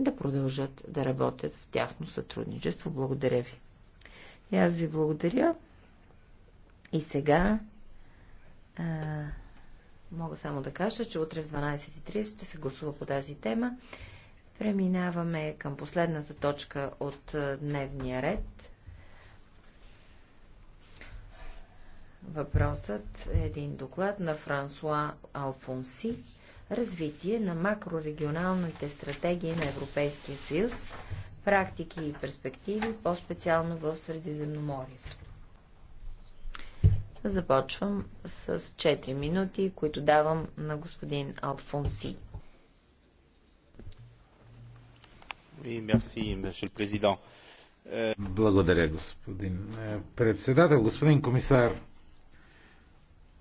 да продължат да работят в тясно сътрудничество. Благодаря ви. И аз ви благодаря. И сега а, мога само да кажа, че утре в 12.30 ще се гласува по тази тема. Преминаваме към последната точка от дневния ред. Въпросът е един доклад на Франсуа Алфонси развитие на макрорегионалните стратегии на Европейския съюз, практики и перспективи, по-специално в Средиземноморието. Започвам с 4 минути, които давам на господин Алфонси. Благодаря, господин е, председател, господин комисар.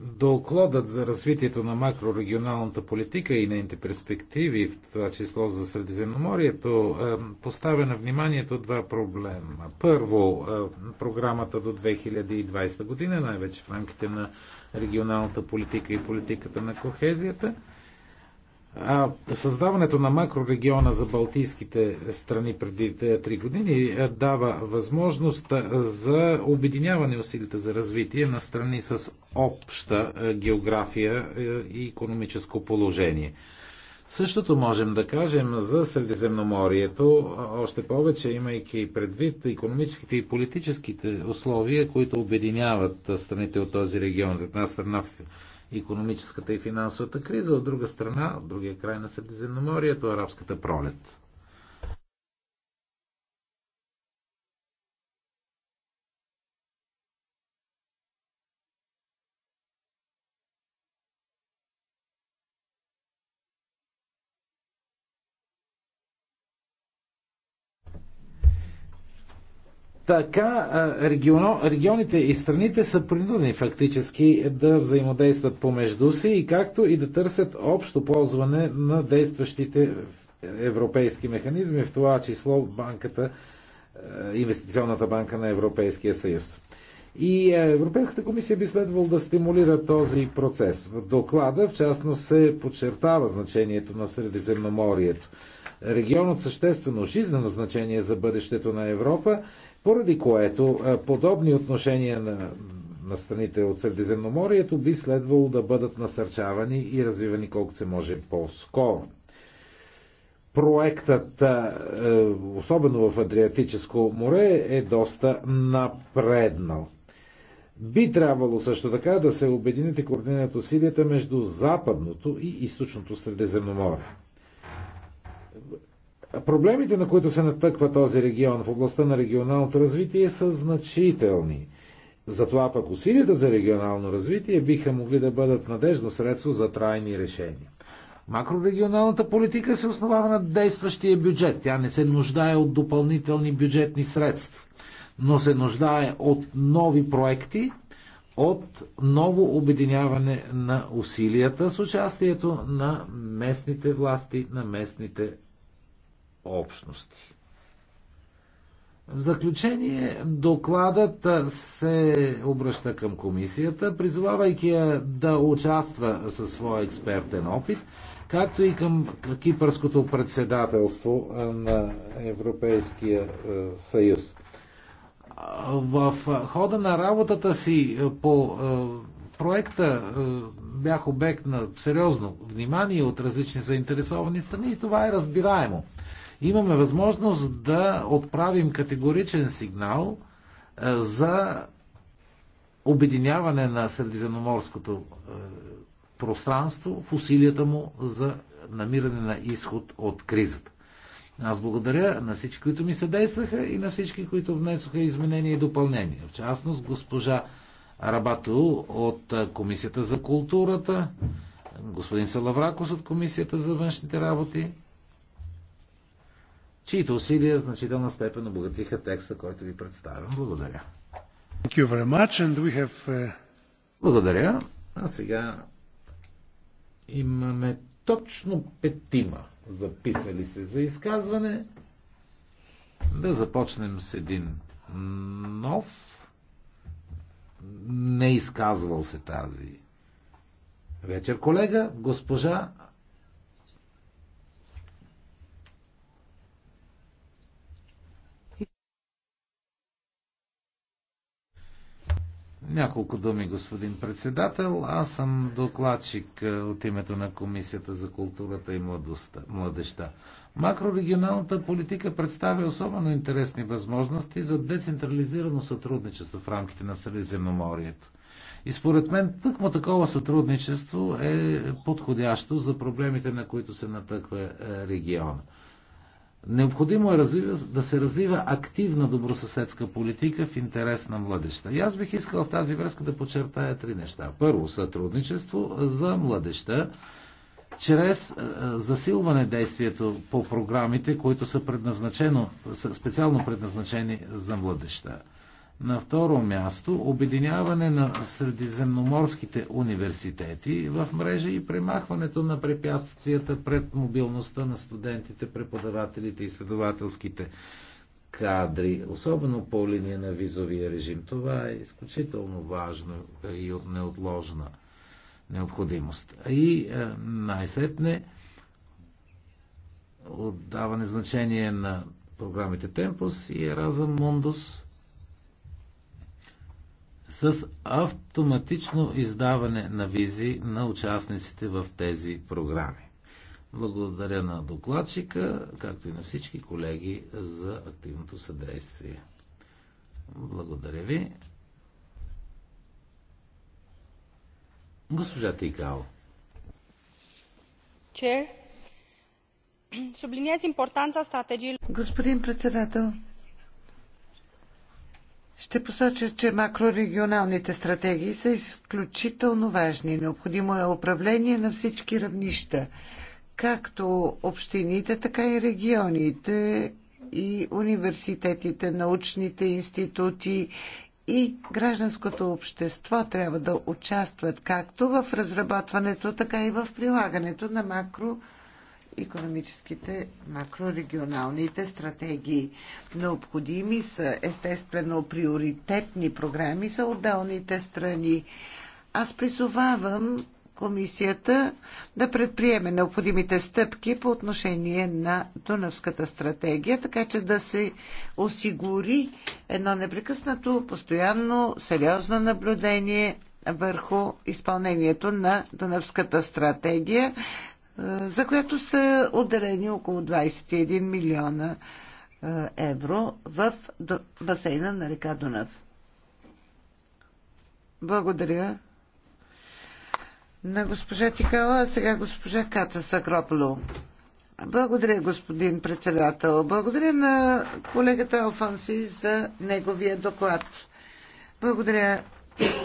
Докладът за развитието на макрорегионалната политика и нейните перспективи, в това число за Средиземноморието, е, поставя на вниманието два проблема. Първо, е, програмата до 2020 година, най-вече в рамките на регионалната политика и политиката на кохезията – а създаването на макрорегиона за Балтийските страни преди 3 е, години е, дава възможност е, за обединяване усилите за развитие на страни с обща география и економическо положение. Същото можем да кажем за Средиземноморието, още повече имайки предвид економическите и политическите условия, които обединяват страните от този регион. От една страна економическата и финансовата криза, от друга страна, от другия край на Средиземноморието, арабската пролет. Така регионо, регионите и страните са принудени фактически да взаимодействат помежду си и както и да търсят общо ползване на действащите европейски механизми, в това число банката, инвестиционната банка на Европейския съюз. И Европейската комисия би следвало да стимулира този процес. В доклада, в частност, се подчертава значението на Средиземноморието. Регионът съществено жизнено значение за бъдещето на Европа поради което подобни отношения на, на страните от Средиземноморието би следвало да бъдат насърчавани и развивани колкото се може по-скоро. Проектът, особено в Адриатическо море, е доста напреднал. Би трябвало също така да се обедините координират усилията между западното и източното Средиземноморие. Проблемите, на които се натъква този регион в областта на регионалното развитие, са значителни. Затова пък усилията за регионално развитие биха могли да бъдат надежно средство за трайни решения. Макрорегионалната политика се основава на действащия бюджет. Тя не се нуждае от допълнителни бюджетни средства, но се нуждае от нови проекти, от ново обединяване на усилията с участието на местните власти, на местните общности. В заключение, докладът се обръща към комисията, призовавайки я да участва със своя експертен опит, както и към кипърското председателство на Европейския е, съюз. В хода на работата си е, по е, проекта бях обект на сериозно внимание от различни заинтересовани страни и това е разбираемо имаме възможност да отправим категоричен сигнал е, за обединяване на средиземноморското е, пространство в усилията му за намиране на изход от кризата. Аз благодаря на всички, които ми съдействаха и на всички, които внесоха изменения и допълнения. В частност, госпожа Рабато от е, Комисията за културата, господин Салавракос от Комисията за външните работи, чието усилия в значителна степен обогатиха текста, който ви представям. Благодаря. Thank you very much and we have... Uh, Благодаря. А сега имаме точно петима записали се за изказване. Да започнем с един нов. Не изказвал се тази вечер колега, госпожа Няколко думи, господин председател. Аз съм докладчик е, от името на Комисията за културата и младеща. Макрорегионалната политика представя особено интересни възможности за децентрализирано сътрудничество в рамките на Средиземноморието. И според мен тъкмо такова сътрудничество е подходящо за проблемите, на които се натъква е, региона. Необходимо е развива, да се развива активна добросъседска политика в интерес на младеща. И аз бих искал в тази връзка да подчертая три неща. Първо, сътрудничество за младеща чрез е, засилване действието по програмите, които са предназначено, специално предназначени за младеща. На второ място, обединяване на средиземноморските университети в мрежа и премахването на препятствията пред мобилността на студентите, преподавателите и следователските кадри, особено по линия на визовия режим. Това е изключително важно и от неотложна необходимост. И е, най-сетне отдаване значение на програмите Tempus и Еразъм Мундус – с автоматично издаване на визи на участниците в тези програми. Благодаря на докладчика, както и на всички колеги за активното съдействие. Благодаря ви. Госпожа Тикао. Чер, Господин председател, ще посоча, че макрорегионалните стратегии са изключително важни. Необходимо е управление на всички равнища, както общините, така и регионите и университетите, научните институти и гражданското общество трябва да участват както в разработването, така и в прилагането на макро економическите макрорегионалните стратегии. Необходими са естествено приоритетни програми за отделните страни. Аз призовавам комисията да предприеме необходимите стъпки по отношение на Дунавската стратегия, така че да се осигури едно непрекъснато, постоянно, сериозно наблюдение върху изпълнението на Дунавската стратегия за която са отделени около 21 милиона евро в басейна на река Дунав. Благодаря на госпожа Тикала, а сега госпожа Каца Сакрополо. Благодаря, господин председател. Благодаря на колегата Алфонси за неговия доклад. Благодаря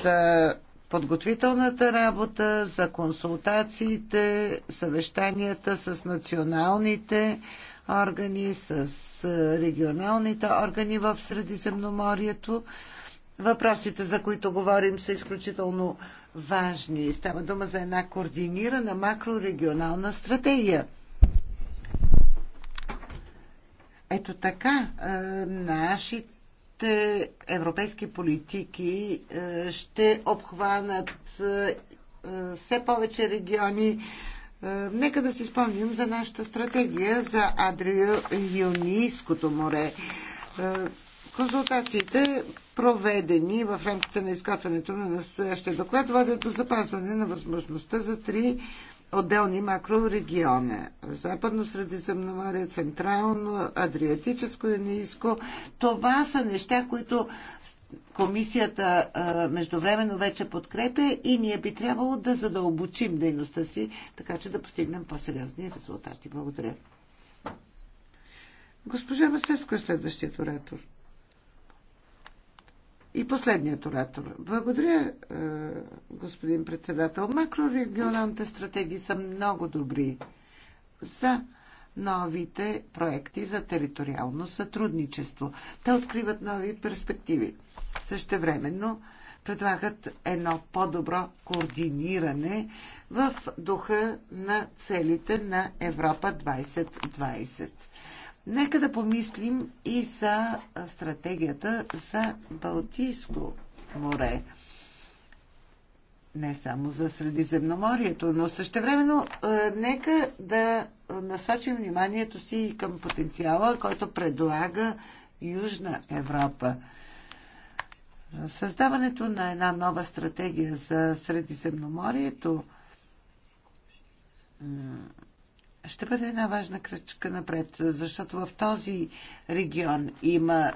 за подготвителната работа, за консултациите, съвещанията с националните органи, с регионалните органи в Средиземноморието. Въпросите, за които говорим, са изключително важни. Става дума за една координирана макрорегионална стратегия. Ето така, нашите европейски политики е, ще обхванат е, е, все повече региони. Нека да си спомним за нашата стратегия за Адрио-Юнийското море. Консултациите, проведени в рамките на изкатването на настоящия доклад, водят до запазване на възможността за три отделни макрорегиони. Западно Средиземноморие, Централно, Адриатическо и Ниско. Това са неща, които комисията междувременно вече подкрепя и ние би трябвало да задълбочим дейността си, така че да постигнем по-сериозни резултати. Благодаря. Госпожа Васеско е следващият оратор. И последният оратор. Благодаря, е, господин председател. Макрорегионалните стратегии са много добри за новите проекти за териториално сътрудничество. Те откриват нови перспективи. Същевременно предлагат едно по-добро координиране в духа на целите на Европа 2020. Нека да помислим и за стратегията за Балтийско море. Не само за Средиземноморието, но същевременно е, нека да насочим вниманието си и към потенциала, който предлага Южна Европа. Създаването на една нова стратегия за Средиземноморието е, ще бъде една важна кръчка напред, защото в този регион има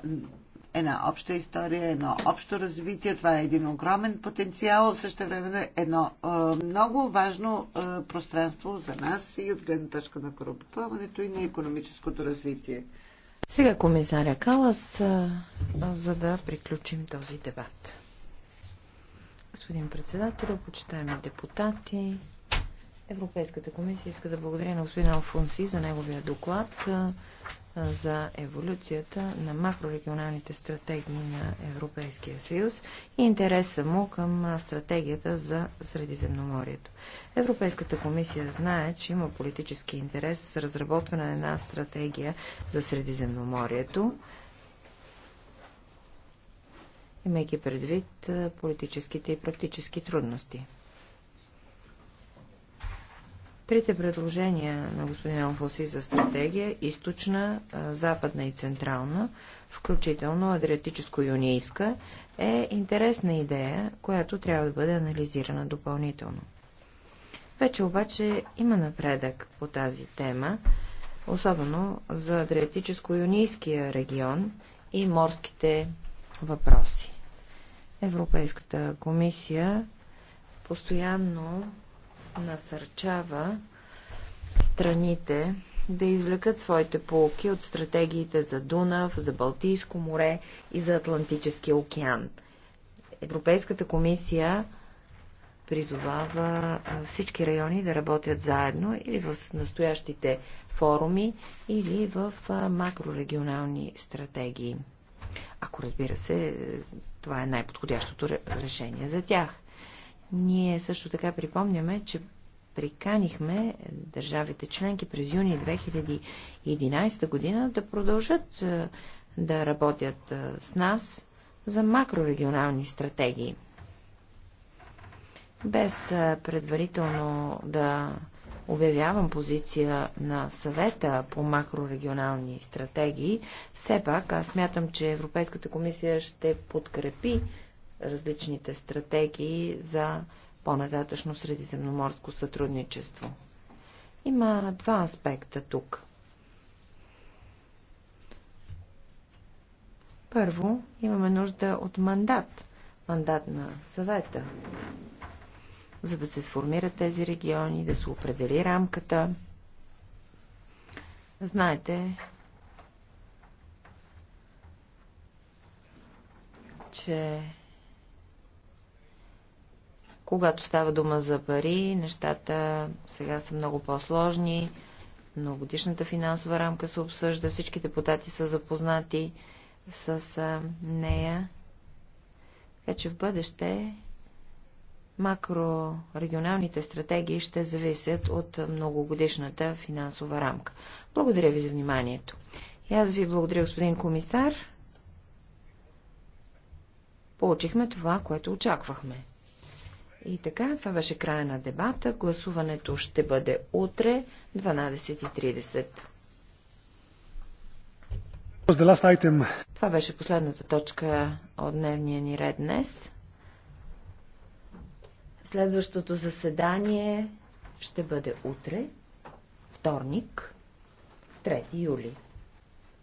една обща история, едно общо развитие. Това е един огромен потенциал, също време е едно е, много важно е, пространство за нас и от гледна точка на корупирането и на економическото развитие. Сега комисаря Калас, е, за да приключим този дебат. Господин председател, почитаеми депутати, Европейската комисия иска да благодаря на господин Алфонси за неговия доклад за еволюцията на макрорегионалните стратегии на Европейския съюз и интереса му към стратегията за Средиземноморието. Европейската комисия знае, че има политически интерес с разработване на една стратегия за Средиземноморието, имайки предвид политическите и практически трудности. Трите предложения на господин Алфоси за стратегия – източна, западна и централна, включително адриатическо-юнийска, е интересна идея, която трябва да бъде анализирана допълнително. Вече обаче има напредък по тази тема, особено за Адриатическо-юнийския регион и морските въпроси. Европейската комисия постоянно насърчава страните да извлекат своите полки от стратегиите за Дунав, за Балтийско море и за Атлантическия океан. Европейската комисия призовава всички райони да работят заедно или в настоящите форуми, или в макрорегионални стратегии. Ако разбира се, това е най-подходящото решение за тях. Ние също така припомняме, че приканихме държавите членки през юни 2011 година да продължат е, да работят е, с нас за макрорегионални стратегии. Без е, предварително да обявявам позиция на съвета по макрорегионални стратегии, все пак аз смятам, че Европейската комисия ще подкрепи различните стратегии за по-нататъчно средиземноморско сътрудничество. Има два аспекта тук. Първо, имаме нужда от мандат. Мандат на съвета. За да се сформират тези региони, да се определи рамката. Знаете, че когато става дума за пари, нещата сега са много по-сложни. Многогодишната финансова рамка се обсъжда, всички депутати са запознати с нея. Така че в бъдеще макрорегионалните стратегии ще зависят от многогодишната финансова рамка. Благодаря ви за вниманието. И аз ви благодаря, господин комисар. Получихме това, което очаквахме. И така, това беше края на дебата. Гласуването ще бъде утре 12.30. Това беше последната точка от дневния ни ред днес. Следващото заседание ще бъде утре, вторник, 3 юли.